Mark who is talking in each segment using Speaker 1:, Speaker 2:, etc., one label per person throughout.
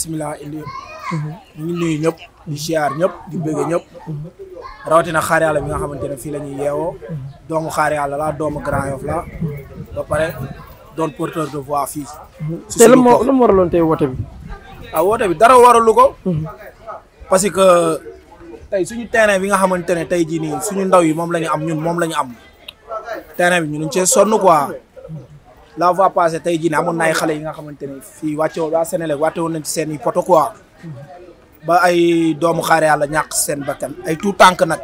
Speaker 1: bisimilah indi yëpp. ñu ñëpp di ziar ñëpp di bëgg ñëpp. rawatina xaar yàlla bi nga xamante ne fii la ñuy yeewoo. doomu xaar la doomu Grand Yoff la. ba pare doon porteur de voix fii. si suñu bopp te lan bi. ah woote bi dara waralu ko. Mhm. parce que tey suñu terrain bi nga xamante ne tey jii nii suñu ndaw yi moom la ñu am ñun moom la ñu am. terrain bi ñun ñu cee sonn la fois passée tey jii ne amoon na ay xale yi nga xamante ne fii wàcce waa Sénégal wàcce woon nañ ci seen i poto quoi ba ay doomu xaar la ñàkk seen bakkan ay tout tànk nag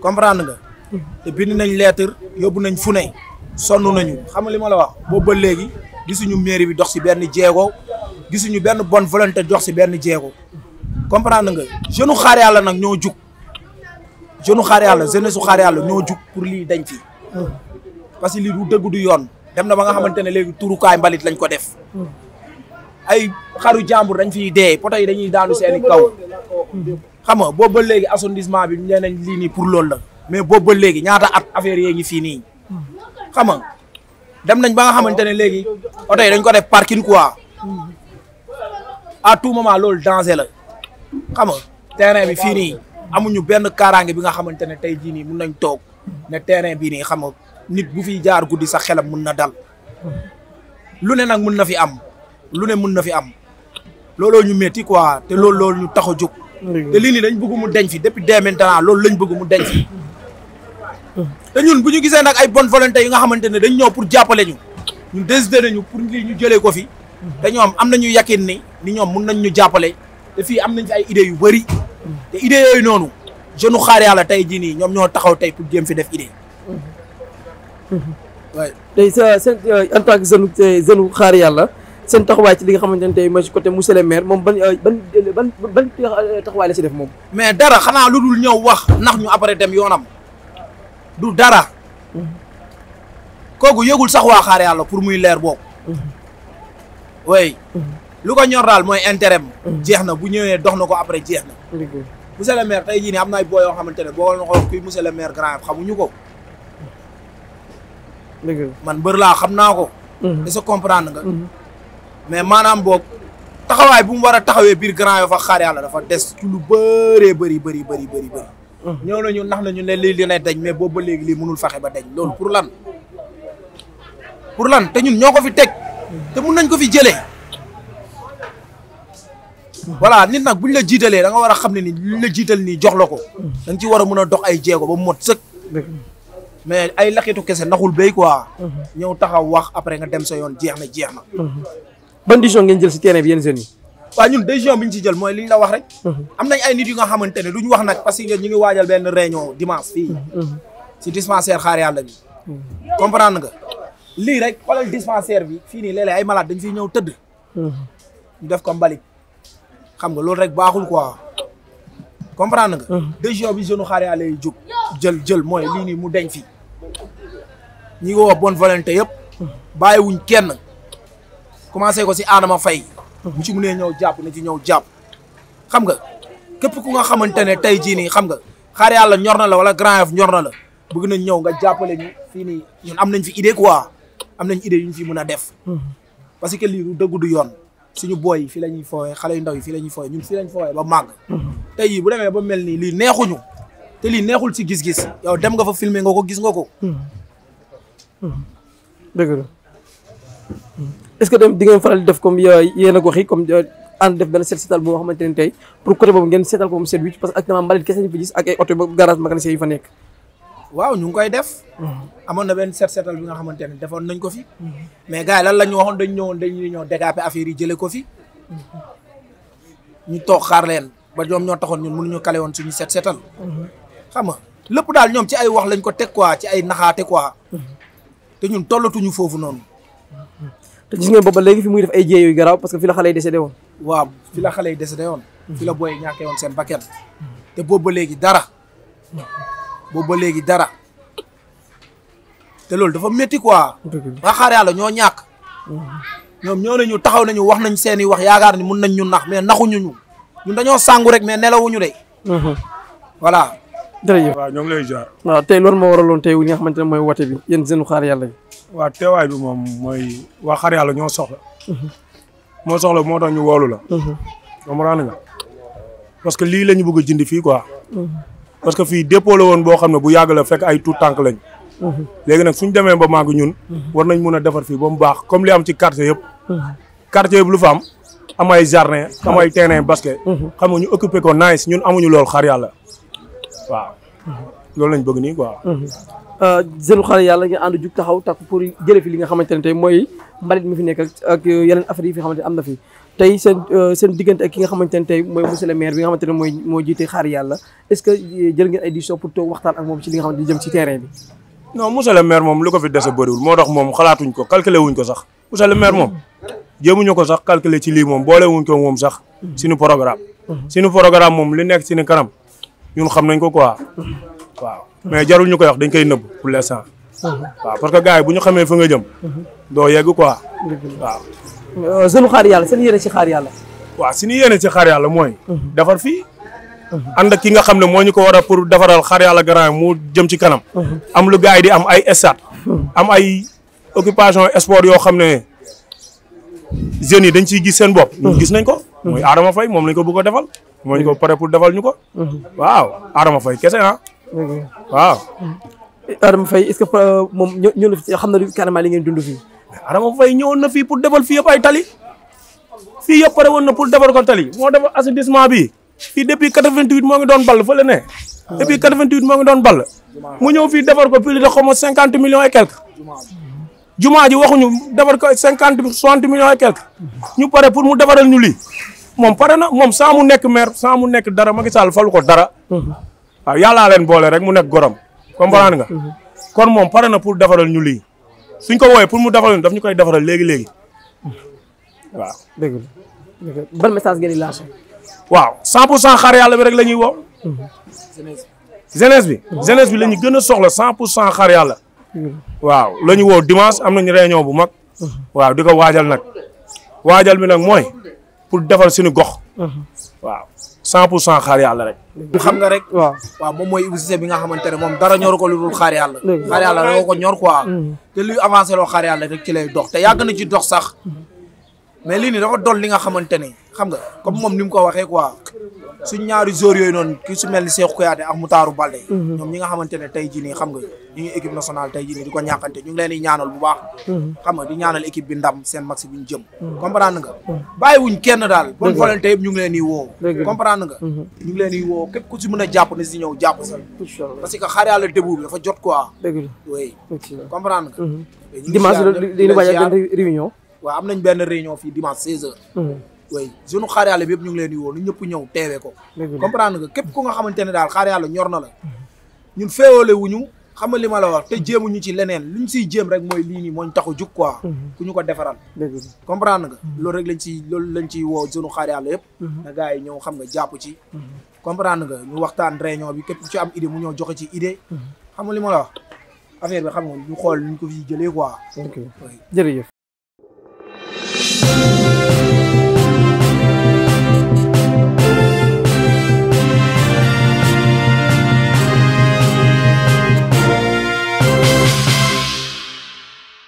Speaker 1: comprendre nga te bind nañ lettre yóbbu nañ fu ne sonn nañu xam nga li ma la wax boobu ba léegi gisuñu mairie bi dox si benn jéego gisuñu benn bonne volonté dox si benn jéego comprendre nga jeune u nag ñoo jug jeune u xaar yàlla su xaar yàlla ñoo jug pour lii dañ fi parce que lii du dëgg du yoon dem na ba nga xamante ne léegi turukaay mbalit lañ ko def ay xaru jàmbur dañ fi dee poto yi dañuy daanu seeni kaw xam nga ba léegi assainissement bi nee nañ lii nii pour loolu la mais boobu ba léegi ñaata at affaire yee ngi fii nii xam nga dem nañ ba nga xamante ne léegi oto dañ ko def parking quoi à tout moment loolu danger la xam nga terrain bi fii nii amuñu benn kaaraange bi nga xamante ne tey jii nii mun nañ toog ne terrain bii nii xam nga nit bu fi jaar guddi sax xelam mun na dal lu ne nag mun na fi am lu ne mun na fi am looloo ñu métti quoi te loolu loolu ñu tax a jóg te lii nii dañ bëgg mu deñ fi depuis dès maintenant loolu lañ bëgg mu deñ fi te ñun bu ñu gisee nag ay bonne volonté yi nga xamante ne dañ ñëw pour jàppale ñu ñun décidé nañu pour lii ñu jëlee ko fi te ñoom am na ñu yakin ni ni ñoom mun nañ ñu jàppale te fii am nañ fi ay idées yu bari te idées yooyu noonu jeune xaar yàlla tey jii nii ñoom ñoo taxaw tey pour jéem fi def idée waaye mhm. tey sa seen euh, en tant que jeune euh, jeune xaar yàlla seen taxawaay ci li nga xamante ne tey mooy côté monsieur le maire moom ban euh, ban ban ban taxawaay la si def moom. mais dara xanaa lu dul ñëw wax ndax ñu après dem yoonam du dara. Mhm. kooku yëgul sax waa xaar yàlla pour muy leer boobu. way mhm. lu ko ñor daal mooy intérêt jeex na bu ñëwee dox na ko après jeex na. monsieur le maire tey jii nii am boo yoo xamante ne boo na ko kuy monsieur le maire grand xamuñu ko. man mbër laa xam naa ko. Mhm. est-ce que comprendre nga. Mhm. mais maanaam boog taxawaay bu mu war a taxawee biir grand yoo fa xaar yàlla dafa des ci lu bëree bëri bëri bëri bëri bëri. Mhm. ñëw nañu nax nañu ne lii li ne dañ mais boobu ba léegi lii mënul fexe ba dañ loolu pour lan. pour lan te ñun ñoo ko fi teg te mun nañ ko fi jëlee voilà nit nag buñ la jiitalee da nga war a xam ne ni luñ la jiital nii jox la ko da nga ci war a mën a dox ay jéego ba mot sëkk. mais ay laqitu kese naxul béy quoi. Mhm. ñëw taxaw wax après nga dem sa yoon jeex na jeex na. Mhm. ban décision ngeen jël si terrain bi yéen jeunes yi. waaw ñun décision bi ñu ci jël mooy li ñu la wax rek. Mhm. am nañ ay nit yu nga xamante ne duñ wax nag parce que ñu ngi waajal benn réunion dimanche fii. si dispensaire xaar yàlla bi. comprendre nga lii rek xoolal dispensaire bi fii nii léeg ay malade dañ fiy ñëw tëdd. ñu def ko mbalik xam nga loolu rek baaxul quoi. comprendre nga. décision bi jeune xaar yàlla yi jóg jël jël mooy lii nii mu deñ fii. ñi ngi woo bonne volonté yëpp bàyyiwuñ kenn commencé ko si aadama fay bu ci mënee ñëw jàpp na ci ñëw jàpp xam nga képp ku nga xamante ne tey jii nii xam nga xaar yàlla ñor na la wala Grand Yoff ñor na la bëgg nañ ñëw nga jàppale ñu fii ñun am nañ fi idée quoi am nañ idée yu ñu fi mën a def parce que lii du dëgg du yoon suñu booy yi fii la ñuy fooyee xale yu ndaw yi fii la ñuy fooyee ñun fii lañ fooyee ba màgg tey jii bu demee ba mel nii lii neexuñu te lii neexul si gis-gis yow dem nga fa filmer nga ko gis nga ko dëgg la est-ce que dem di ngeen faral di def comme yéen ak wax yi comme ànd def benn seet seetal boo xamante ne tey pour côté boobu ngeen seetal ko mu seet wicc parce que yi fa nekk. ngi koy def. Mm-hmm. amoon na benn seet seetal bi nga xamante ne defoon nañ ko fi. Mm-hmm. mais gars yi lan la ñu waxoon dañ ñëwoon dañuy ñëw dégape affaire yi jëlee ko fi. Mm-hmm. ñu toog xaar leen ba ñoom ñoo taxoon ñun mënuñu kale woon suñu seet seetal. xam nga lépp daal ñoom ci ay wax lañ ko teg quoi ci ay naxaate quoi. te ñun tollatuñu foofu noonu. te gis ngeen booba léegi fi muy def ay jéey garaw parce que fi la xale yi décédé woon. waaw fi la xale yi décédé woon. fi la booy ñàkkee woon seen bakkan. te boobu ba léegi dara. boobu ba léegi dara. te loolu dafa metti quoi. ba xaar yàlla ñoo ñàkk. ñoom ñoo ne ñu taxaw nañu wax nañ seen i wax yaakaar ni mun nañ ñu nax mais naxuñu ñu ñun dañoo sàngu rek mais nelawuñu de. voilà. jërëjëf waaw ñoo ngi lay jaar
Speaker 2: waaw tey loolu moo waraloon a li nga xamante ne mooy woote bi yéen seenu xaar yàlla yi teewaay bi moom mooy waa xaar ñoo soxla moo soxla moo tax ñu woolu la comprendre nga parce que lii la ñu bëgg a jënd fii quoi parce que fii dépôt la woon boo xam ne bu yàgg la fekk ay tout tànk lañ léegi nag mun a defar fii ba mu baax comme li am ci quartier yëpp quartier yëpp lu fa am am ay jardin am ay terrain basket uhuh. xam ñu occupé ko nice ñun amuñu loolu xaar waaw mhm. loolu lañ bëgg nii quoi.
Speaker 1: jeune mhm. xale yàlla nga taxaw takk pour jële li nga xamante ne tey mooy mbalit mi fi nekk ak yeneen affaire yi fi xamante ne am na fi tey seen euh, seen diggante ki nga xamante ne tey mooy monsieur le xamante ne mooy moo jiite xaar yàlla est-ce que euh, jël ngeen ay ak moom ci li nga xamante ne jëm ci terrain bi.
Speaker 2: non monsieur le ko fi dese moo tax moom xalaatuñ ko calculer wuñ ko sax monsieur le maire moom jéemuñu ko sax calculer ci lii moom boolewuñ ko moom sax. Mhm. suñu programme. suñu programme moom li nekk suñu kanam. ñun xam nañ ko quoi waaw mais jarul ñu koy wax dañ koy nëbb pour l'instant waaw parce que gars yi bu ñu xamee fa nga jëm doo yegg quoi waaw sunu xaar yàlla seen yéene si xaar yàlla waaw suñu yéene ci xaar yàlla mooy defar fii ànd ki nga xam ne moo ñu ko war a pour defaral xaar yàlla grand mu jëm ci kanam am lu gars yi di am ay stade am ay occupation sport yoo xam ne jeunes yi dañ ciy gis seen bopp ñu gis nañ ko mooy Adama Faye moom lañ ko bëgg a defal moo ñu ko pare pour defal ñu ko. Mhm. waaw Adama Faye kese ah. Mhm. waaw. Adama Faye est-ce que euh, moom ñëw na fi xam na carrément li ngeen dundu fii. Adama Faye ñëwoon na fii pour defal fii yëpp ay tali. fii yëpp pare woon na pour defar ko tali moo defar assainissement bi fii depuis 88 moo ngi doon ball fële ne. Ah. depuis 88 moo ngi doon ball. mu ñëw fii defar ko plus de xaw ma 50 millions et jumaa ji waxuñu defar ko 50 60 millions et quelque. Mhm. ñu pare pour mu defaral ñu lii. moom pare na moom saa mu nekk maire saa mu nekk dara Macky Sall falu ko dara. waaw yàllaa leen boole rek mu nekk gorom. comprendre nga. kon moom pare na pour defaral ñu lii suñ ko wooyee pour mu defaral ñu daf ñu koy defaral léegi léegi waaw. dëgg la waaw 100 pour cent xaar yàlla bi rek la ñuy woo. jeunesse bi. Mhm. jeunesse bi la gën a soxla 100 pour cent xaar yàlla. Mhm. waaw la ñu woo dimaas am nañu réunion bu mag. Mhm. waaw di ko waajal nag waajal bi nag mooy. pour defal suñu gox. Uh-huh. waaw cent pour cent xaar yàlla rek. xam nga rek. waaw
Speaker 1: waaw moom mooy Ibou Cissé bi nga xamante ne moom dara ñor ko lu dul xaar yàlla. xaar yàlla da ko ñor quoi. Uh-huh. te luy avancé loo rek ci lay dox te yàgg na ci dox sax. Uh-huh. mais lii nii dafa doon li nga xamante ne xam nga comme moom ni mu ko waxee quoi suñ ñaari joueurs yooy noon ki su mel ni Cheikhou Kouyaté ak Moutarou Baldé mhm. ñoom ñi nga xamante ne tey jii nii xam nga ñu ngi équipe nationale tey jii nii di ko ñàkkante ñu ngi leen di ñaanal bu baax mhm. xam nga di ñaanal équipe bi ndam seen match bi ñu jëm mhm. comprendre nga bàyyiwuñ kenn daal bonne volonté yëpp ñu ngi leen di woo comprendre nga ñu woo képp ku si mën a jàpp na si ñëw jàpp sa parce que xaar yàlla début bi dafa jot quoi oui comprendre nga dimanche dañu waaj a réunion waaw am nañ benn réunion fii dimanche seize heures way hmm. sunu xaar yàlla bi yëpp ñu ngi leen di woo nu ñëpp ñëw teewee ko comprendre nga képp ko nga xamante ne daal xaar yàlla ñor na la ñun féewale wuñu xam nga li ma la wax te jéemuñu ci leneen luñ siy jéem mooy lii nii mooñ taxu jug quoi hmm. ku ñu ko defaral comprend nga hmm. loolu rek lañ ciy loolu lañ ciy woo sunu xaar yëpp na yi ñëw xam nga jàpp ci comprendre nga ñu waxtaan réunion bi képp ci am idée mu ñëw joxe ci idée xam nga li ma la wax affaire bi xam nga ñu xool ñu ko fi jëlee quoi jërëjëf Thank you.